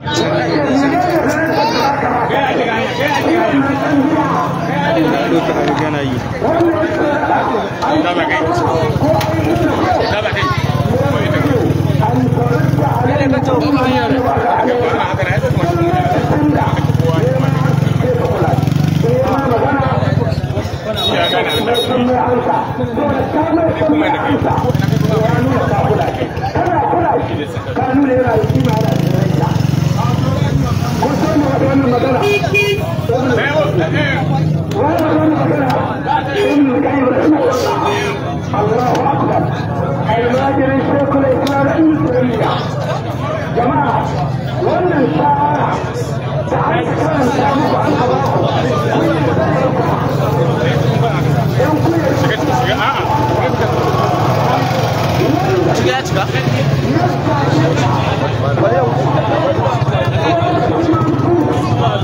Kanu ne yana yi kima da الله اكبر الماجر الشيخ wannan da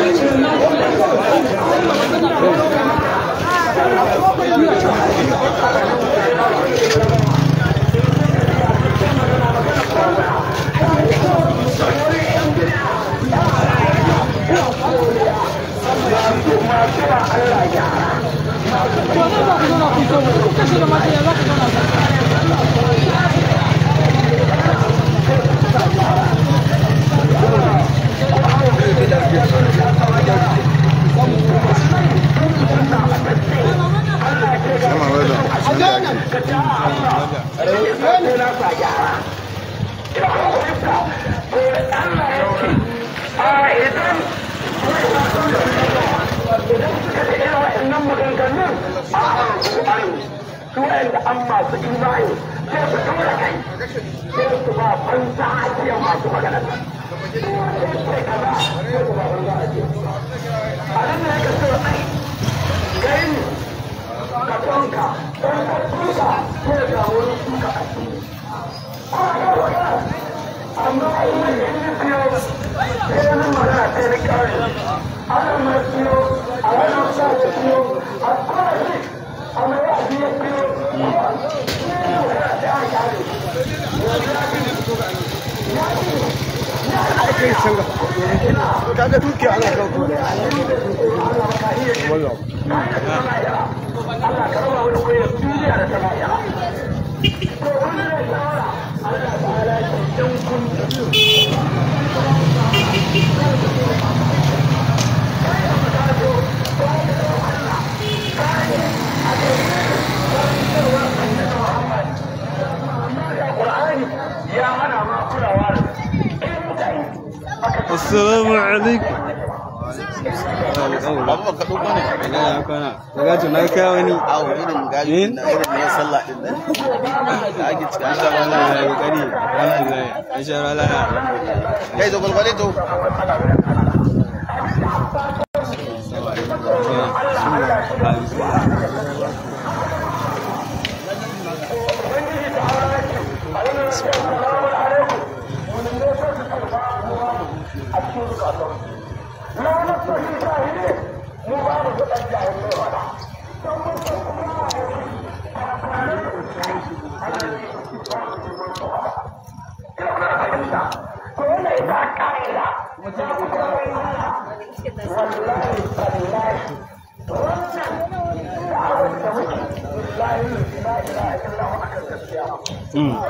Kalau tak kena pisau, kita sudah mati yang tak kena. 哎呀不好意 la mm.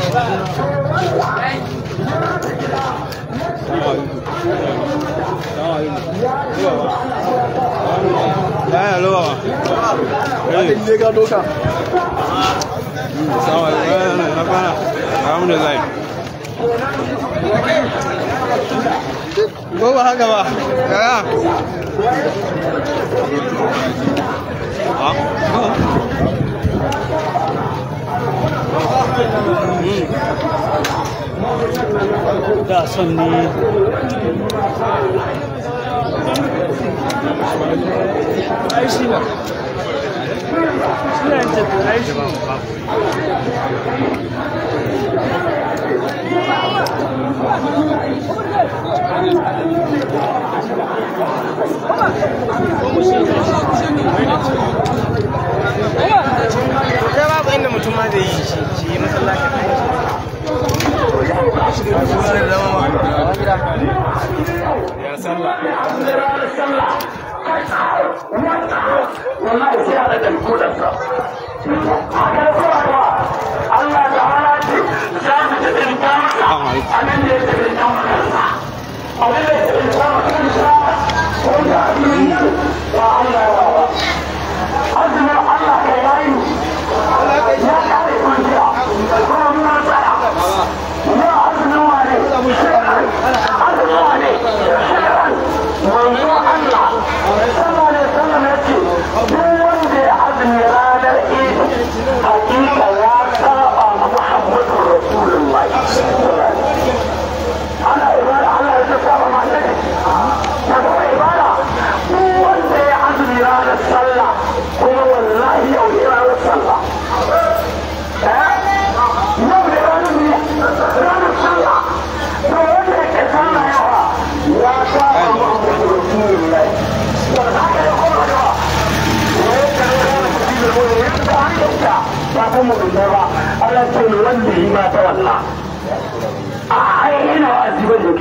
Laya 따선니 날씨가 신라 이제 날씨 너무 시원해 시원해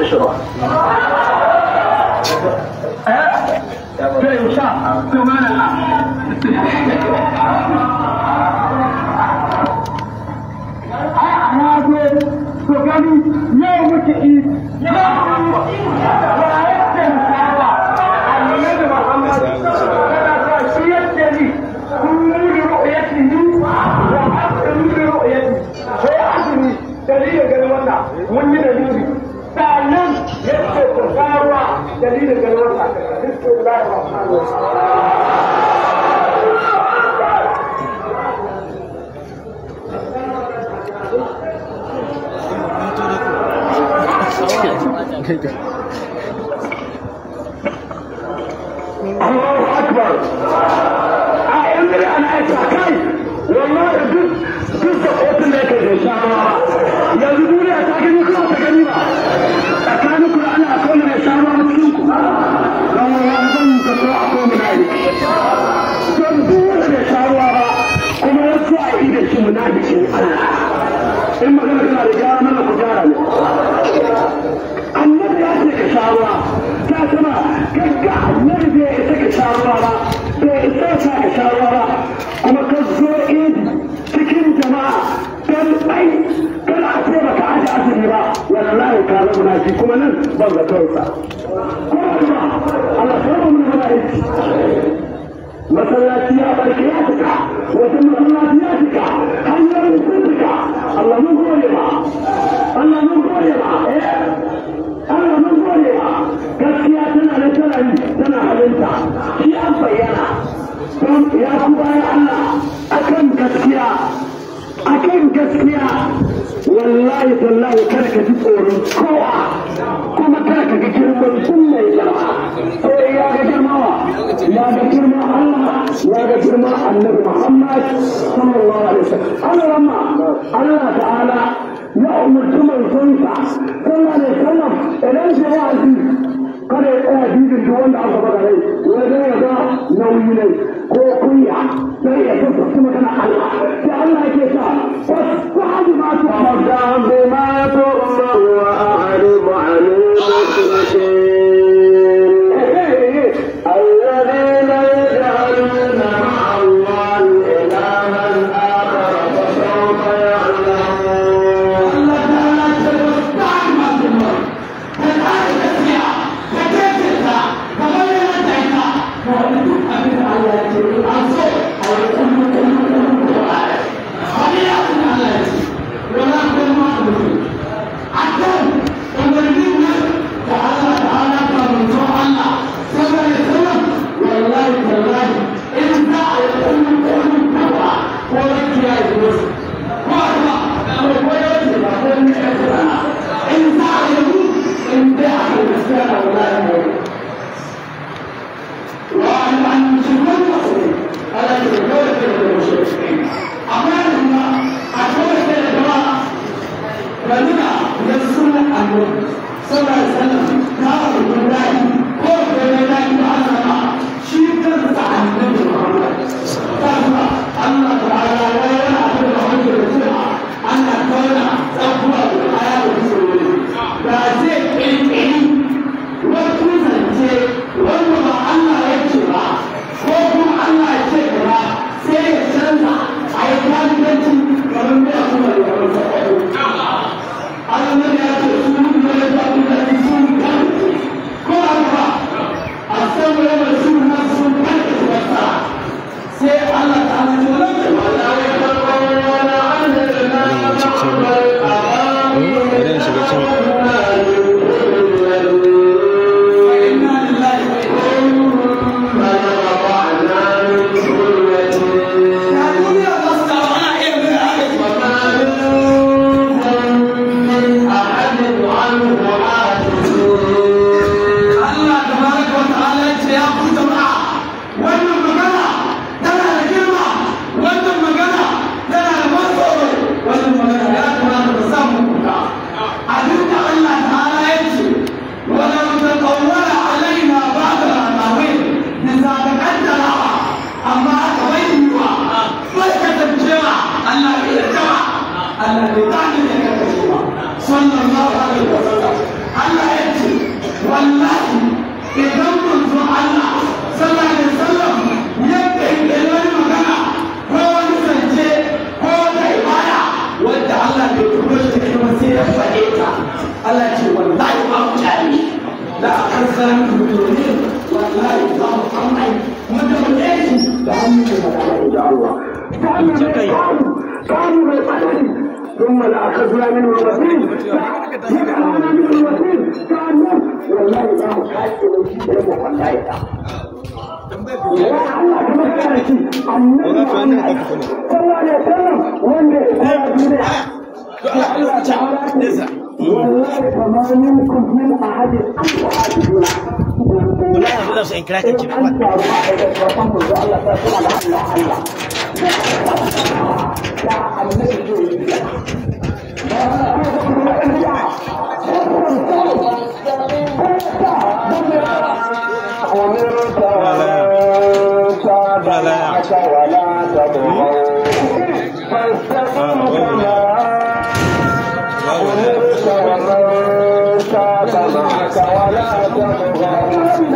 しょう。niet in de lucht gaat. Dit is de lucht van Hamels. Allahu Akbar. Hij is er aan het pakken. Wanneer dit dit de opening is, inshallah. arzikin in magana tana da ya ka ta sama gagga annabi bai ka ba kuma ka jama'a a kuma ya mu masallaci ya gaskiya wallahi wallahi kada ka ji tsoron kowa kuma kada ka ga girman sun mai girma ko ya ga girmawa ya ga girman Allah ya ga girman Annabi Muhammad sallallahu alaihi wasallam Allah Allah ta'ala ya umurci manzonsa sallallahu alaihi wasallam idan shi wa'azi kada ya tsaya bibin duk wanda aka bada rai wanda ya ga nauyi ne ko kunya sai ya tafi magana Allah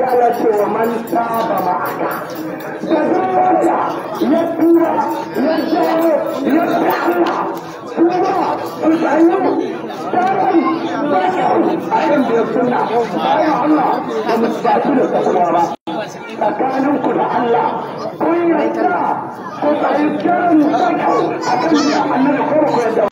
Allah ce wa man taba ma'aka da zuwa ya tura ya jawo ya tsara kuma tsayo tsarai tsarai abin da ya suna bayan Allah ba mu tafi da tsakuwa ba tsakaninku da Allah kun yarda ku tsayi kiran tsakau a kan da annabi ko ku yarda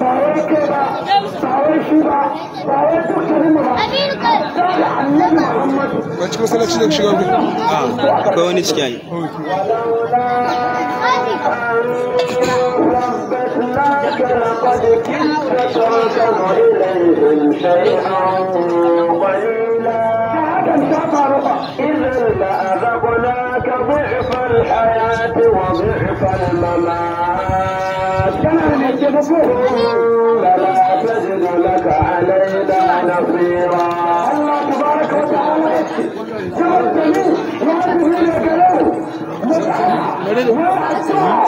دعوتنا دعوتنا دعوتك كلمة النبي محمد وانت كوصل لك شنو شغل اه كوني لقد كنت تركب إليهم شيئا قليلا إذا لأذقناك ضعف الحياة وضعف الممات الكفور فلا لك علينا نصيرا الله تبارك وتعالى جعلتني وهذه الكلام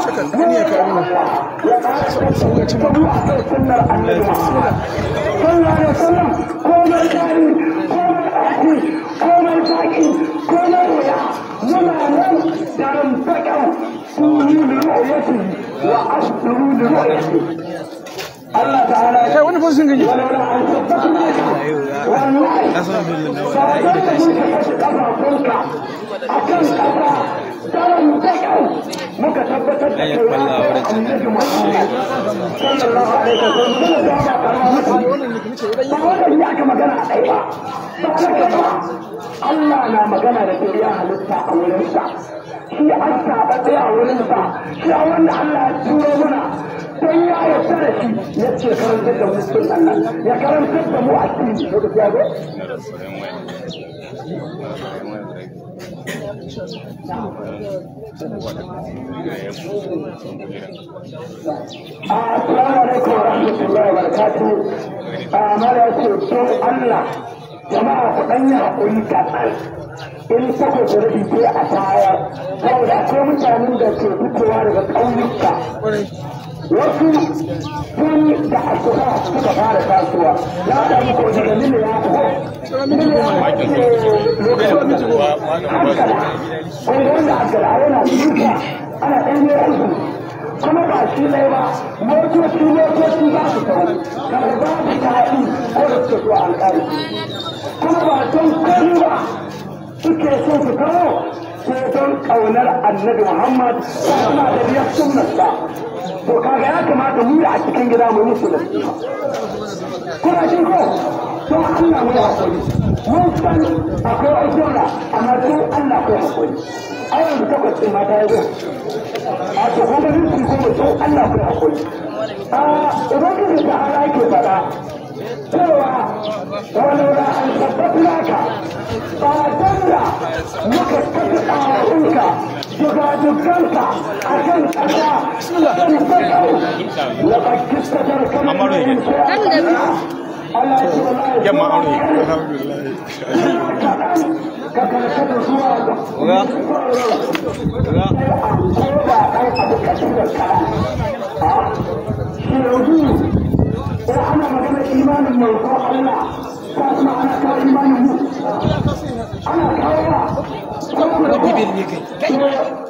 شكل الدنيا كاملة صلى الله عليه وسلم قوم الكاري قوم الباكي قوم الويا وما لم تنفقوا da da ya a kai ba Allah na magana da shari'a halitta a wurin shi an saɓaɓe a wurinsa shi a wanda Allah ya turo muna don ya yarda da shi ya ce karantar da mu sunan ya karantar da mu addini lokaci ya zo Assalamu alaikum wa rahmatullahi wa barakatuh. Amara ce Allah jama'a ku ɗan yi haƙuri kaɗan. in sako da rabi sai a tayar saboda akwai mutanen da ke fitowa daga ƙauyuka wasu sun da asuba suka fara kasuwa ya ta yi wajen da nila ya taho nila ya ke lokacin wanda wanda a gara ana ɗan yi aiki kuma ba shi ne ba motoci motoci za su kawo daga babu tafi ko da suke zuwa alƙari kuma ba don kari ba suke so su kawo ko don ƙaunar annabi muhammad ko suna da biyar sunnarsa to kaga ya kamata mu da a cikin gida mu musu nasiha kuna shi ko To allah mu da hakuri mun san akwai ajiyarwa amma don allah ko hakuri a yanzu takwas ɗin mata ya zo a to kuma rinsu ko don allah ko hakuri a ubangiji ta ala ke faɗa cewa wani an tabbatunaka faratanka muka kasa ƙararrunka dugaduganka a kan ƙasa don faɗau na bakin sadar kamar yin yamma aure alhamdulillah ana magana imanin mai Give it, you can.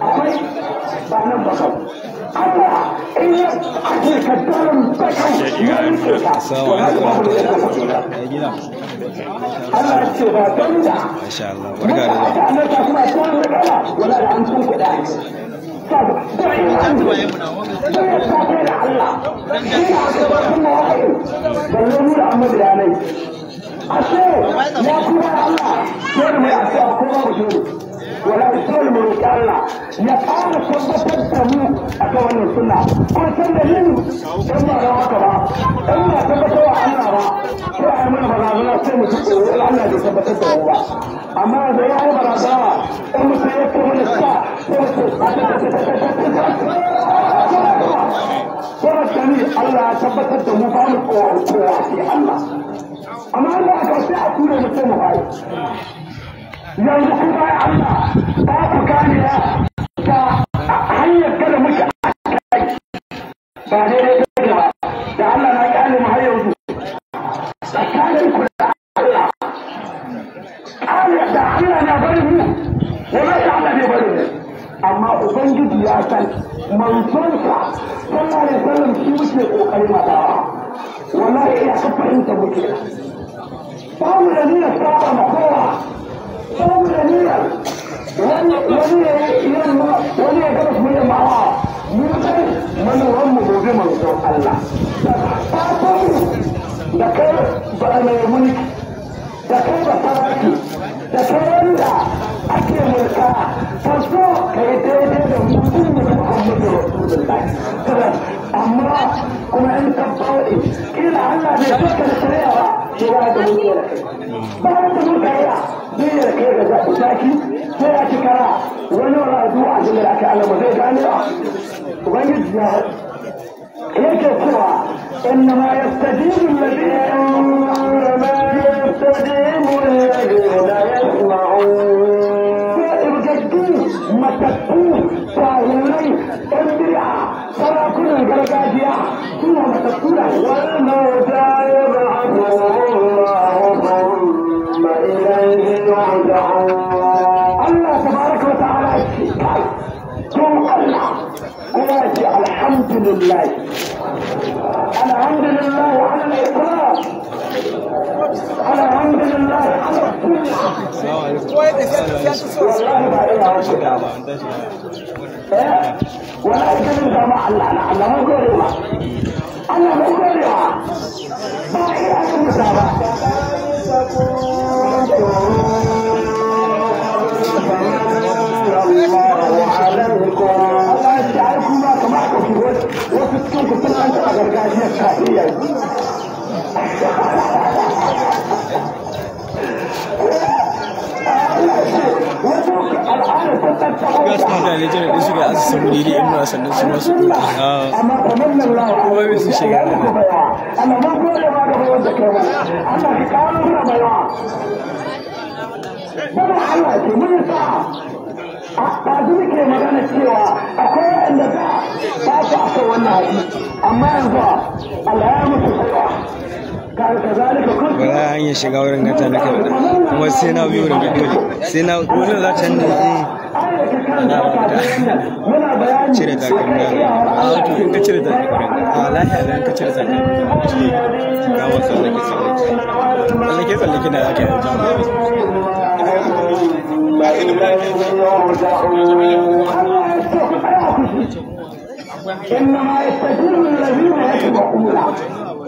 akwai ba nan ba sau Allah in ya afirka daren bakau ya rike ka to na kuma kuma ya kasa juna Allah ce ba don da mutane ta kuma ta matsala wala da an tun kuɗa kuma Allah, kuma wala sai mu roki Allah ya fara tabbatar da mu akan wannan sunna ko san da yin dan ba da haka ba dan ba tabbatar wa Allah ba ko ai mana barazana sai mu ci tsoro Allah ya tabbatar da mu ba amma da ya yi barazana in mu ya kuma sa ko Allah ya tabbatar da mu ba Allah amma sai a tura mutum mu bai yanzu kuma ya Allah ba ku gane da hanyar kada muke a kai ba daidai take ba da Allah na kyale mu har yanzu tsakanin ku da Allah da Allah na bari mu wallahi Allah ne bari mu amma ubangiji ya san manzonsa sallallahu alaihi wasallam shi muke kokarin madawa wallahi ya fahimta muke ba mu da nuna saba ma kowa sauran jami'ar wani yi ma mu dai manoman mu gobe manzon Allah da kai ba mai mulki da kai ba faraki da kai wanda ake mulka fasfo ka yi daidai da musulmin muhammadu rasulullahi amma kuma in ka faɗi kila allah ne suka tsayawa cewa da mulki da kai ba da mulka ya zai da kai ga zaɓi saki sai a cikara wani wani addu'a a jimila ake alama zai gane ba ubangiji ya yake cewa إنما يستجيب الذين إنما يستجيب الذين يسمعون matattu sahunai ɗan biya sarakunan gargajiya suna matattu da wannan jaye ba a Allah tabaraka wa ta'ala ce kai don Allah kuma ce alhamdulillah alhamdulillah wa ala al-ikram alhamdulillah ala kulli والله kawo shiga ba wani sun zama Allah na Allah mun gode ma Allah mun gode ma ba iya sun musa ba wasu cikin ku suna an taɓa gargajiyar shafiya Allah ya ce ga su mutane jiran da suka asu samu ne in ba sannan su masu kuta kuma bai su shiga da ba su ke magana cewa akwai wanda ba su aka wannan haɗi amma yanzu Allah ya mutu kowa ba za a hanyar shiga wurin gata na kyau kuma sai na biyu wurin dole sai na dole za a wato a da cire ga wasu tsallake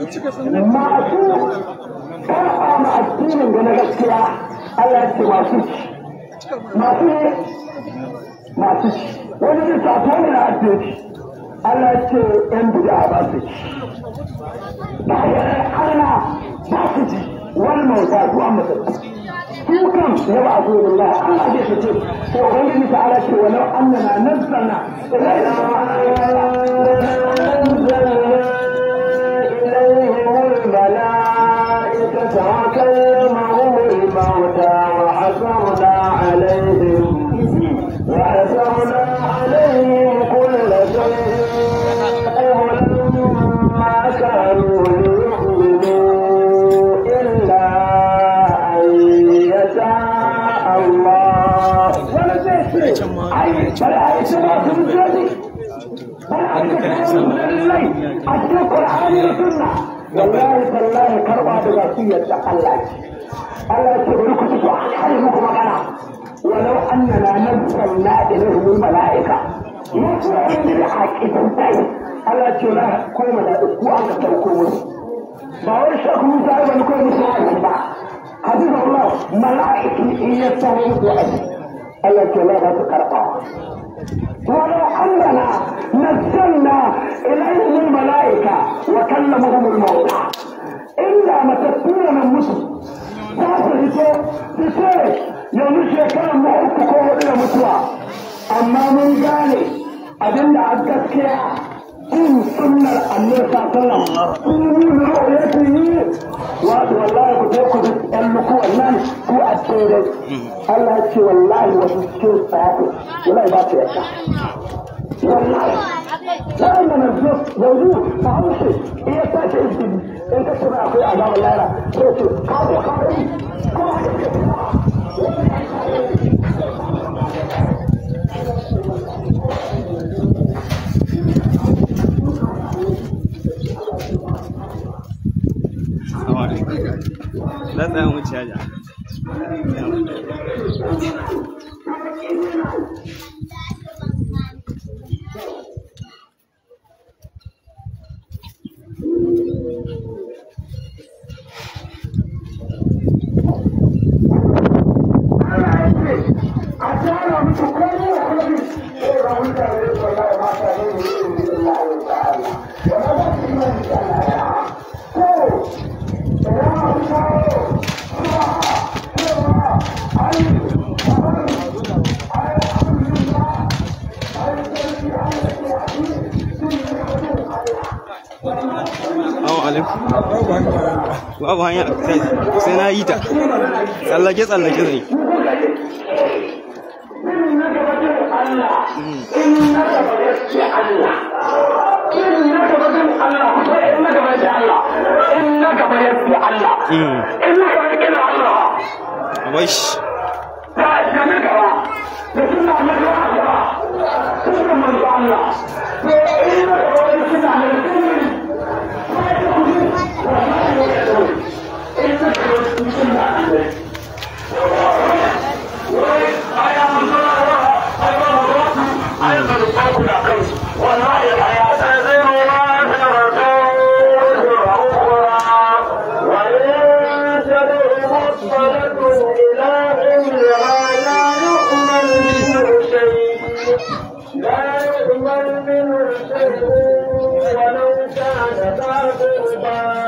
masu karfa ma addinin da na gaskiya Allah ya ce masu masu masu wani zai sato ne na addini Allah ce yan bida ba su ba ya ana ba su ji wani mai zaguwa mutum كم يا رسول الله انا ابي كتب وغيرني تعالى ولو اننا نزلنا الينا wallahi tallahi karba da wasiyar da Allah ce Allah ce bari ku fito har muku magana walau annana nazzalna ilaihim malaika mutu'in bil haqiqi Allah ce la ko malaiku an ka dauko musu ba wai shakku musa ba ko musu ba حبيب الله ملائكة هي التوحيد وأسف الله تعالى تكرقها ولو اننا نزلنا اليهم الملائكه وكلمهم الموتى الا ما تكون المسلم مسلم تاخذ يقول تسير يا كان معك قوه الى اما من قال ادله عبدك يا bin sunnar annabi sallallahu alaihi ya in yi wato wallahi ku je ku bi ɗan muku wannan ku a tsere Allah ya ce wallahi wasu cikin sa'a wallahi ba ta yarda wallahi لما نزلت موجود معروف هي بتاعت انت انت k'a اخويا علاء ولا لا قالوا قالوا tsallake tsallake zai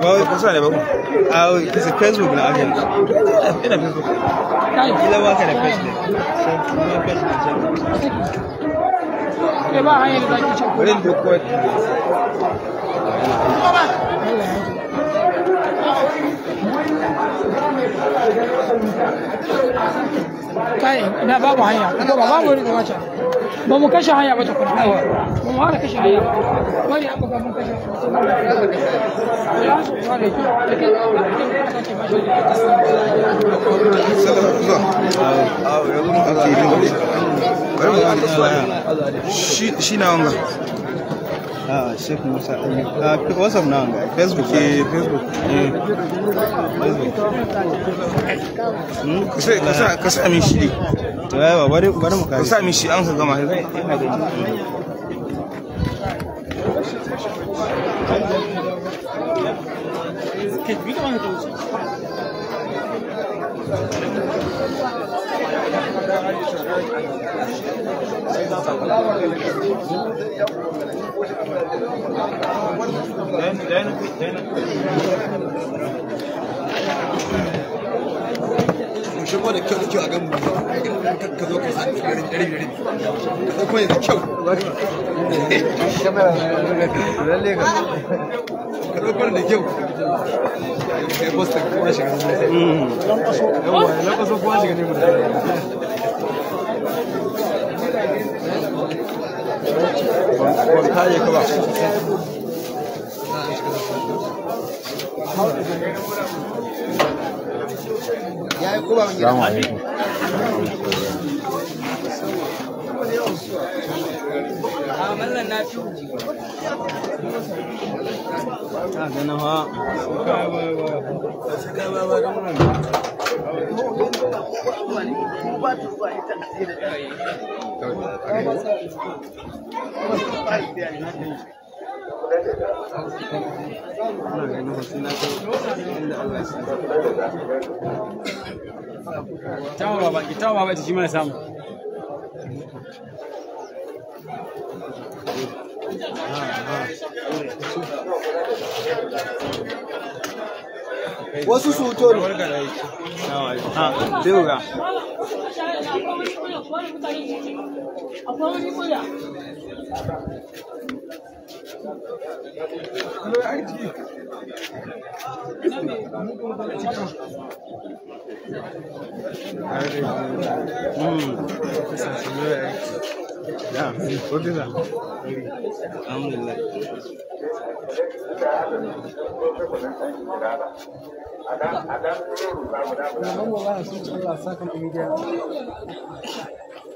Well, what's that about? Oh, it's a Facebook now. Okay. In a Facebook. You know what kind of president? So, president. Okay, I ain't like you. Come on. kai na babu hanya kuma ba babu wani can ba mu kashe hanya ba ta kuma ba mu kashe hanya wani abu ga mun kashe shi na wanga a ah, shek musa ayyub a ah, whatsapp na facebook facebook facebook hmm? ka sa min shi yawa bari bari mu ka sa min shi an ka gama Then, then, then. shigo da kyau da kyau a gan ka zo ka sa ɗari ɗari ɗari ka ɗauko yanzu kyau ka ɗauko da kyau kai boston kuma shiga ne yawwa lankwaso ne mu da ka ba you. Salamu alaikum. Thank you. Tawa ba ki tawa ba shi mana Wasu su wuto ne. Ha, zai wuga. Akwai wani Adam, Adam, Adam, Adam, Adam, Adam, Adam, Adam, Adam, Adam, Adam, Adam,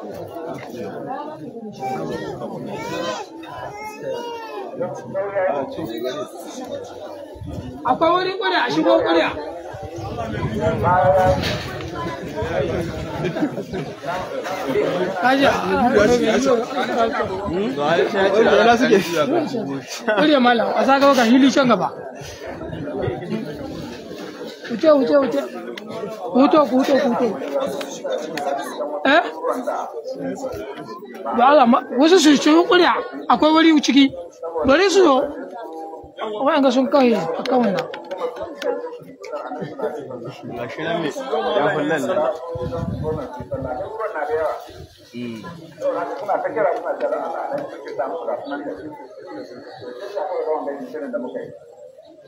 Akwai wurin ƙuri'a, a shigo ƙuri'a. Kaja, hmm? malam, a sa hili shan gaba. wuce wuce wuce kuto kuto kuto eh da Allah wasu su ci kuriya akwai wuri ciki bari su yo sun kai a wannan gashi nan ya nan hmm.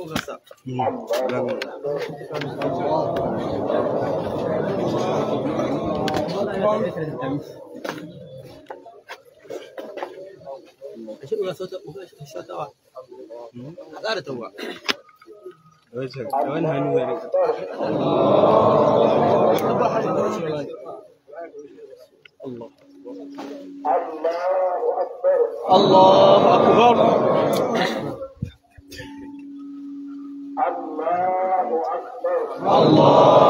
وغساق شنو ولا صوت صوت حضرت هو وجهك وينها نورك الله الله الله أكبر الله أكبر Allah.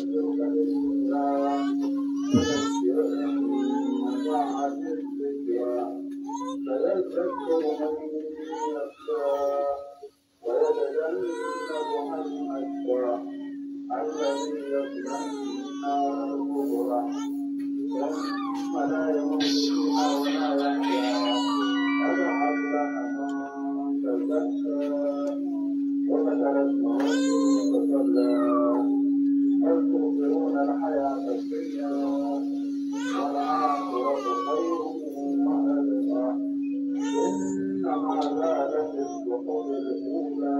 Thank you. Thank you.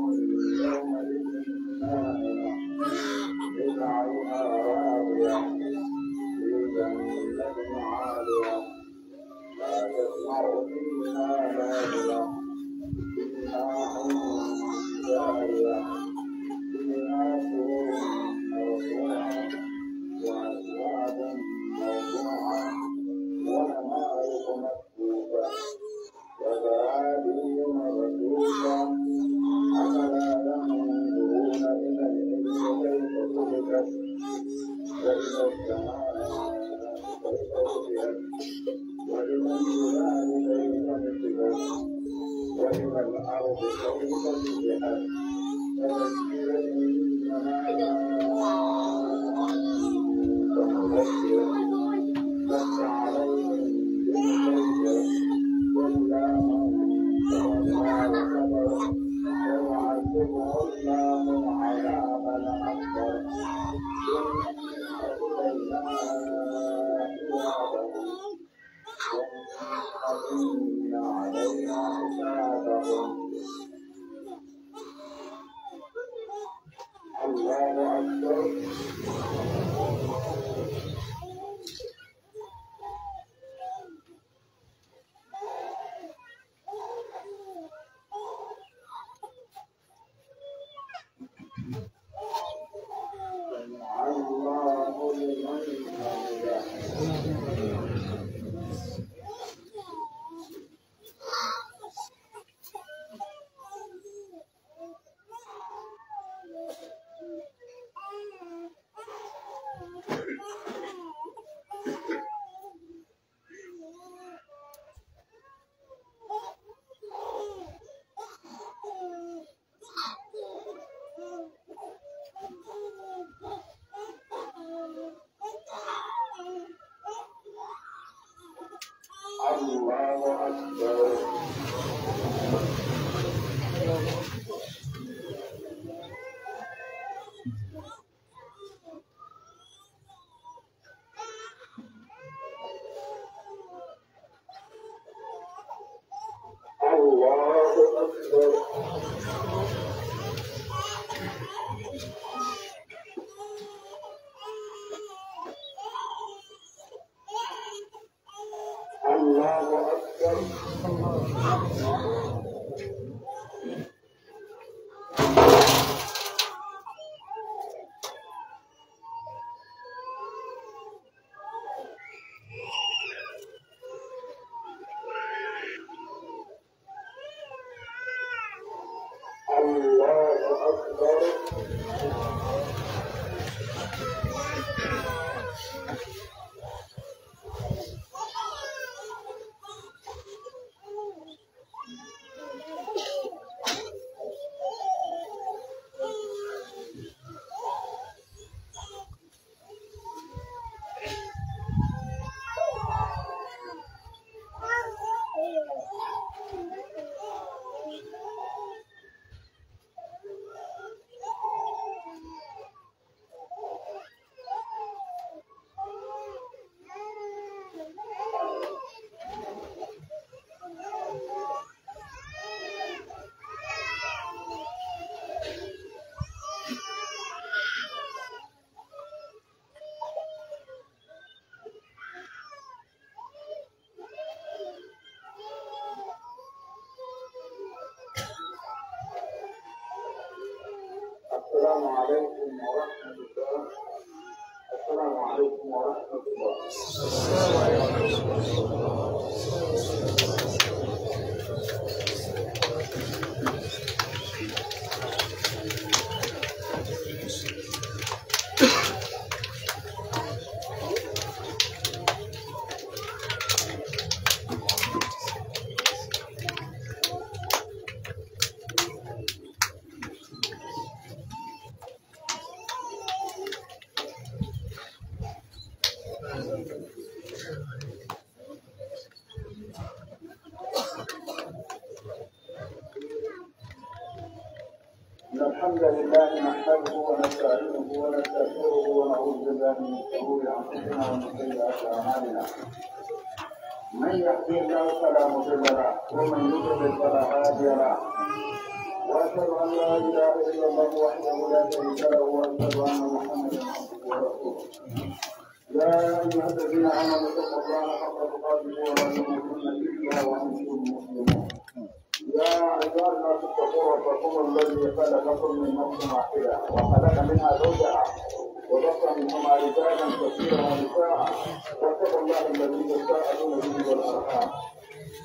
oh الناس ومن الأرض ومن الجهاد ونسيرني Thank you. I'm not Thank you.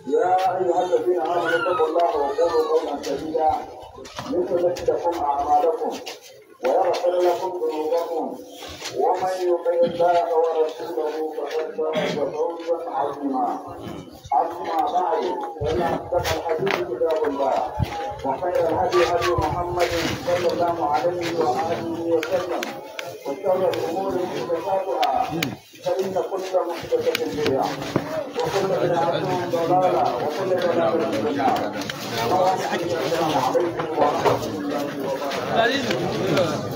يا ايها الذين امنوا اتقوا الله وقولوا قولا سديدا يثبت لكم اعمالكم ويغفر لكم ذنوبكم ومن يطع الله ورسوله فقد فاز فوزا عظيما اما بعد فان اصدق الحديث كتاب الله وخير الهدي هدي محمد صلى الله عليه واله وسلم 我这个五亩的五十个沙土嗯。下面的五十个五十个这些地啊，我这个地啊种到了，我这个地啊种不下了。那这是那个。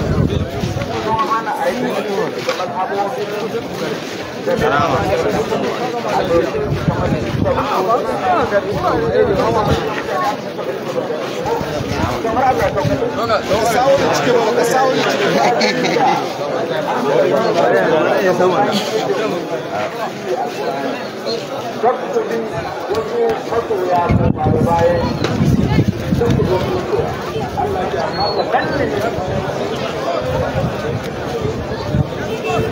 Sauri cikin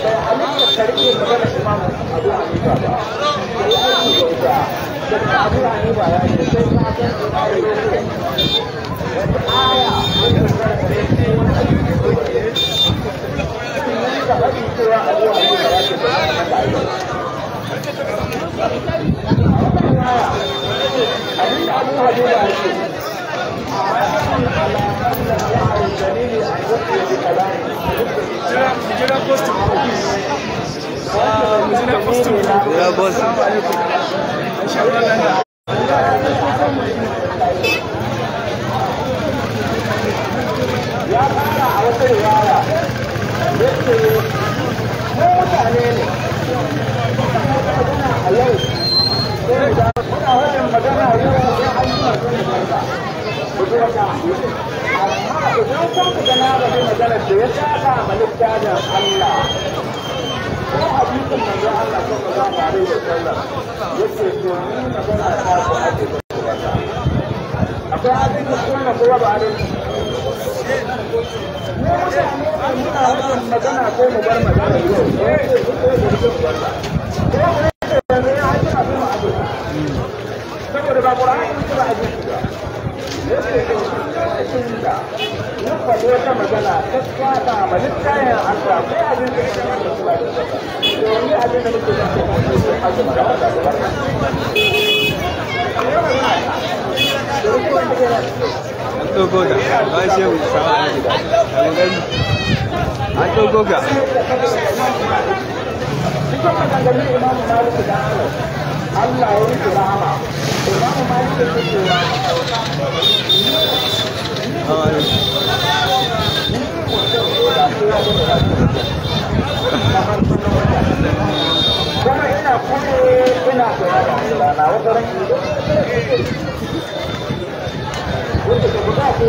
halitta karfe magana imam abu hanifa ba da ya aiki da ita da sai aya ba ta yi a wata da Ya boss. Ya a wata amma idan kun ku gana ba da maganar da ya littafin Allah ko hadisin manzon Allah sallallahu ta da sunna ko ba alai ne mutane magana ko mu bar magana ko faɗi wata magana ta tsada ma littafin Allah ko abin da yake da Allah to abin da muke da a cikin da ba Allah ya kuma ina kure ina koya da na wata ran wanda guda nazari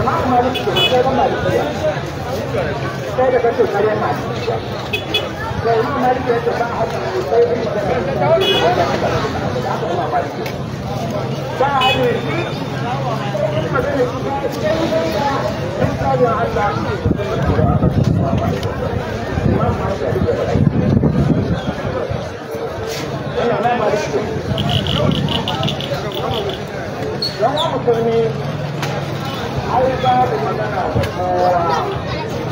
jama'ar maliki da sai da kaso karyar malikiya da imam maliki ya ce ban sai da ba a hajjin shi in magana shi ba in tsarin allah ai babu magana da kowa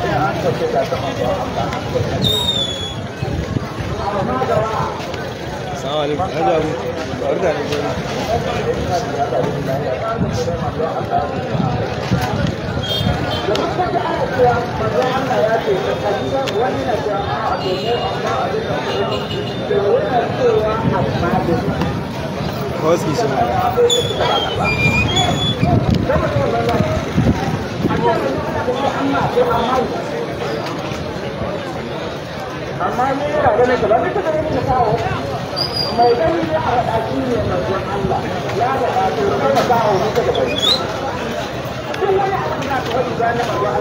sai an da ta Assalamu alaikum. Hajji Abu. Barka da Kawai su yi shi. amma ne yana ganin ka ba da kawo mai gani ne a faɗa ne manzon Allah ya da ba to kai da kawo ne ka da bai duk da na Allah ya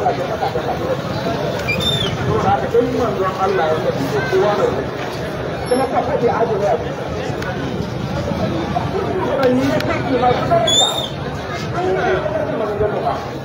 Allah ko ka ne kai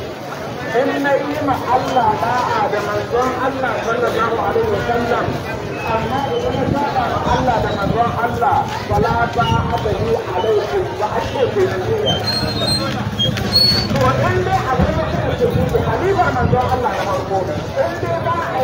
in na yi ma Allah da'a da manzon Allah sallallahu alaihi wasallam amma idan na saba ma Allah da manzon Allah wala ba abadi alaikum ba a ce ku yanzu to dai abin da kuke ku halifa manzon Allah na farko in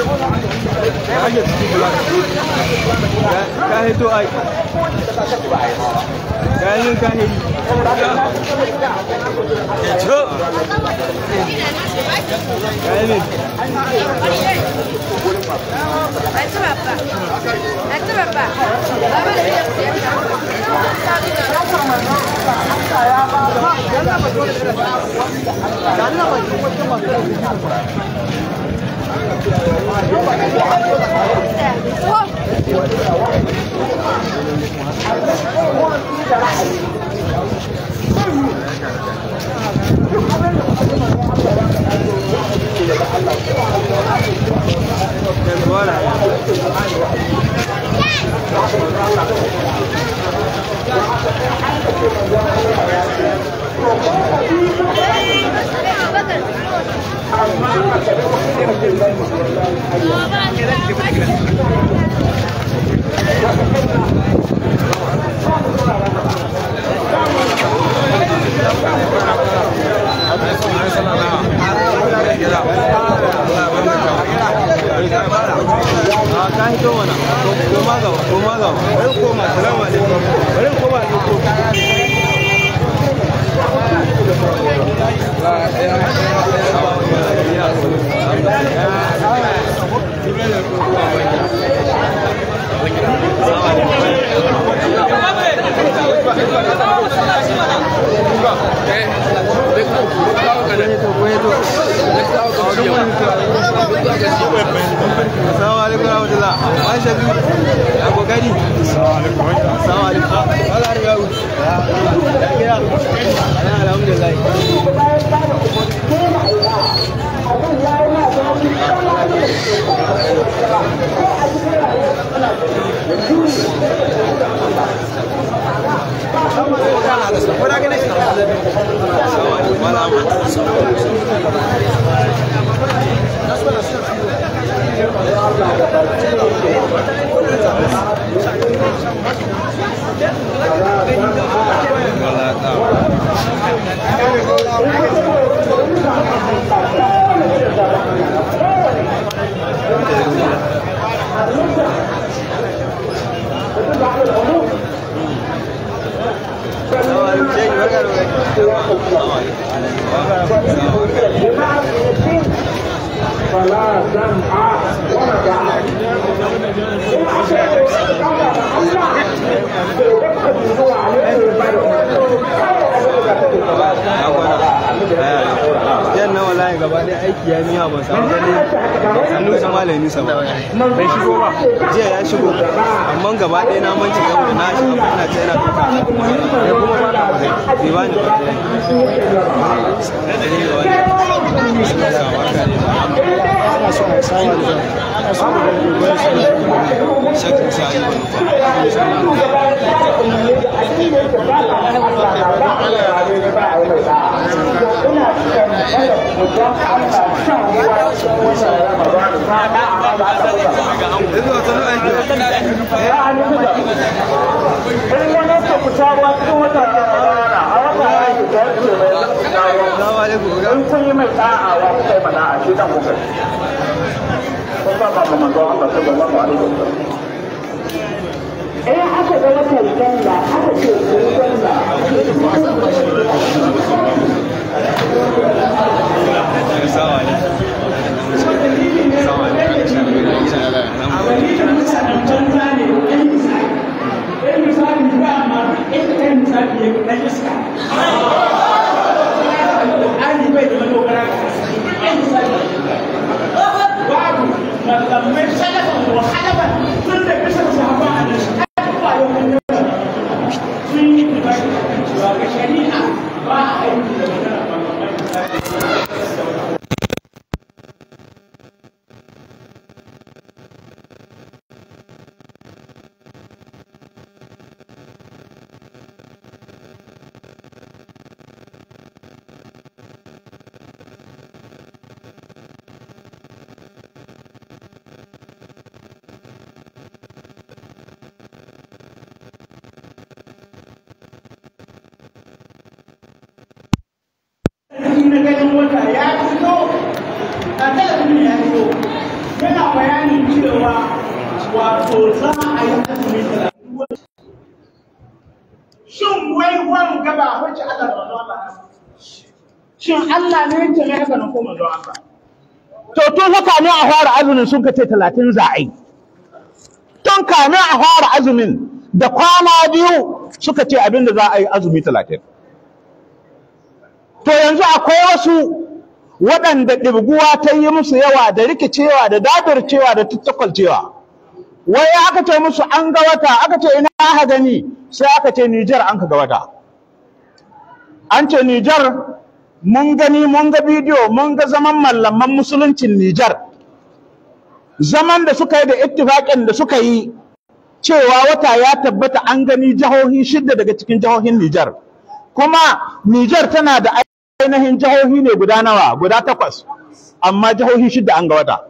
Kahit to ay Kahit yung kahit Kahit yung Kahit yung Thank you. da'a wa kai yi mana'a shi dan kuka kun ba ba ko Allah sallallahu alaihi wasallam eh aka ga wata janna aka ce janna Thank you. Where's zamanin sun kace ce talatin za a yi tun kamin a fara azumin da kwana biyu suka ce abin za a yi azumi talatin to yanzu akwai wasu waɗanda ɗirguwa ta yi musu yawa da rikicewa da dadarcewa da tattakwalcewa wai aka ce musu an ga wata aka ce ina aka gani sai aka ce Nijar an ka ga wata an ce Nijar mun gani mun ga bidiyo mun ga zaman mallaman musuluncin Nijar zaman da suka yi da ittifaƙin da suka yi cewa wata ya tabbata an gani jihohi shidda daga cikin jihohin Nijar kuma Nijar tana da ainihin jihohi ne guda nawa guda takwas amma jihohi shidda an ga wata